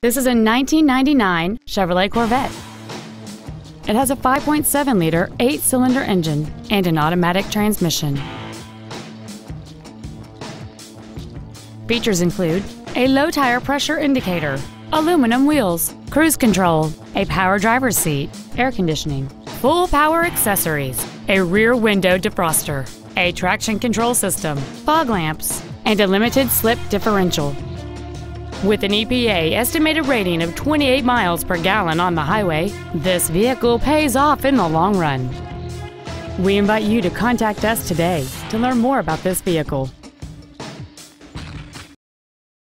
This is a 1999 Chevrolet Corvette. It has a 5.7 liter, 8 cylinder engine and an automatic transmission. Features include a low tire pressure indicator, aluminum wheels, cruise control, a power driver's seat, air conditioning, full power accessories, a rear window defroster, a traction control system, fog lamps, and a limited slip differential. With an EPA estimated rating of 28 miles per gallon on the highway, this vehicle pays off in the long run. We invite you to contact us today to learn more about this vehicle.